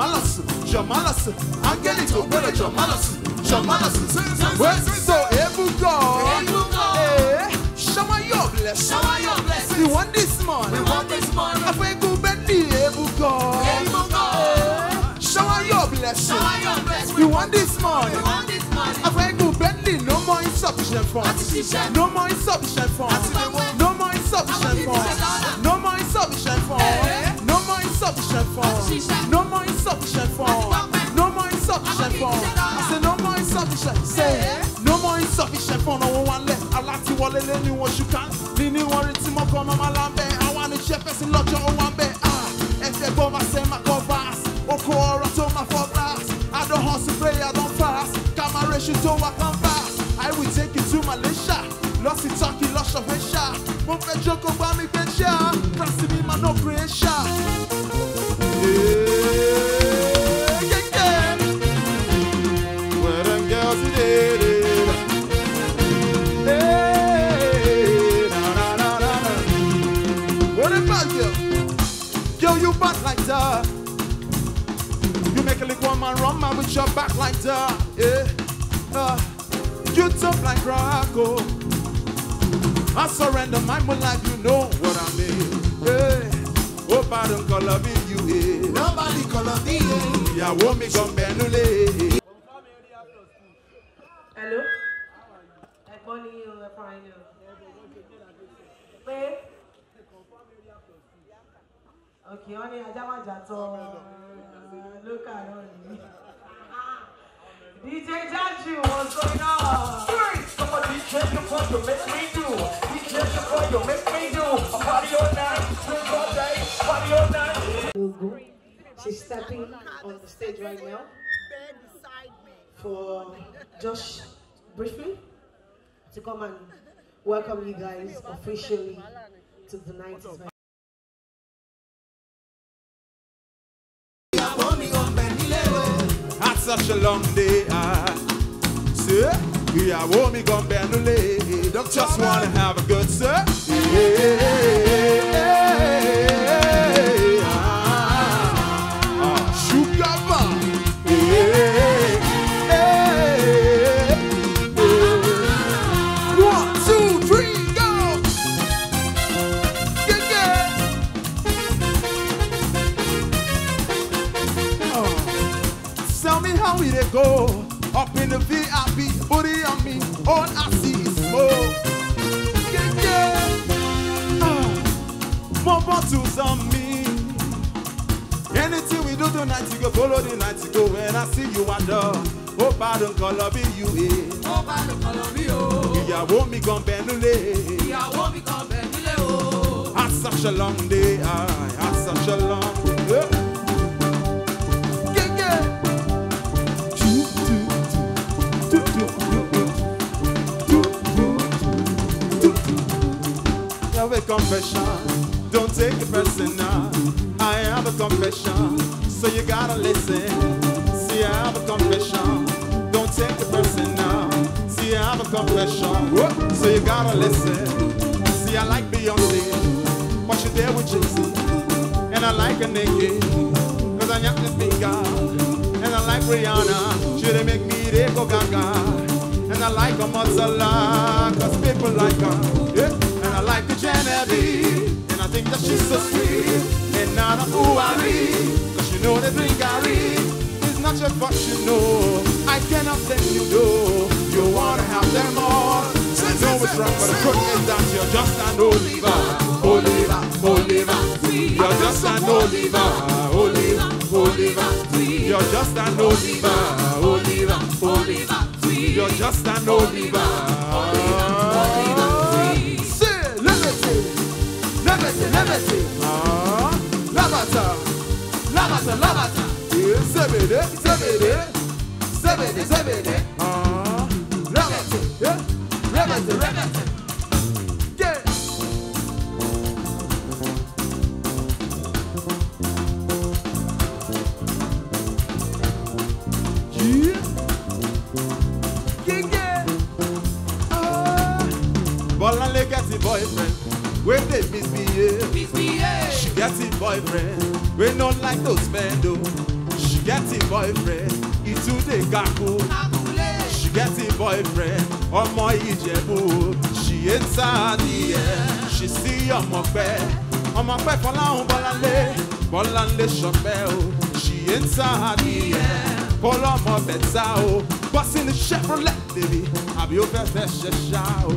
Jamalas, Jamalas, I'm getting to Bella Jamalus, Jamalus, so Ebugo, Shama your bless, Shama your bless. We want this morning, we want this morning. I to go Betty Ebugo, Ebugo, Shama your bless, Shama your bless. We want this morning, we want this morning. I think go Betty, no more insufficient funds, no more insufficient funds, no more insufficient funds, no more insufficient funds. my I don't hustle, play, I don't fast. Got my ratio, so I come fast. I will take you to Malaysia. Lost in Turkey, lost of Asia. Move me, joke, me, get ya. back like that. Yeah. Uh, you tough like Rocco. Oh. I surrender my mind like you know what I mean. Yeah. Oh, pardon, color me you. Yeah. Nobody color me. Yeah, won't me come Benule. Hello? Ẹ̀gbọ́n ni o, ẹ̀fọn ayé o. Pé òkè wọn ní ajáwájà tọ́ Look at nìyí. DJ Janju, what's going on? you make me do. DJ you make me do. party all night, all day, party all night. She's stepping on the stage right now for Josh, briefly to come and welcome you guys officially to the night. such a long day. I say, are I won't be gonna Don't just wanna have a good sir. go. Up in the VIP, booty on me, all I see is smoke. Yeah, yeah. Ah, more bottles on me. Anything we do tonight, you go follow the night, you go. When I see you, I do. Oh, pardon, call up you, eh. Oh, pardon, call up you, oh. Ìyàwó mi gan bẹnulẹ̀. Ìyàwó mi gan bẹnulẹ̀, oh. Had such a long day, I had such a long day. confession. Don't take it personal. I have a confession, so you gotta listen. See, I have a confession. Don't take it personal. See, I have a confession, Whoa. so you gotta listen. See, I like Beyonce, but she's there with Jay Z, and I like a naked, cause I am the finger, and I like Rihanna. She didn't make me they go gaga, and I like a mozzarella, cause people like her. Yeah like the Genevieve, and I think that she's so sweet, and not a ooh cause you know the drink I read is not your know I cannot let you go, you wanna have them all. I know it's wrong, but the truth is that you're just an Oliver, Oliver, Oliver. You're just an Oliver, Oliver, Oliver. You're just an Oliver, Oliver, Oliver. You're just an Oliver. ẹ̀sìn hàn. lábàtà lábàtà lábàtà yìí sèbèdè sèbèdè sèbèdè sèbèdè hàn. rẹ́bẹ̀tì rẹ́bẹ̀tì boyfriend wey dey misbehave. misbehave. she get him boyfriend wey no like those men o. Oh. she get him boyfriend e too dey gago. she get him boyfriend ọmọ ìjẹ̀bú. she enter the air she see ọmọpẹ ọmọpẹ fọláhùn bọ́láńlé bọ́láńlé ṣọpẹ́ o. Oh. she enter the air kọlọ́mọ bẹ̀ta o. Oh. bọ́sìn ní chevrolet baby àbí ó fẹ́ fẹ́ ṣẹ̀ṣá o.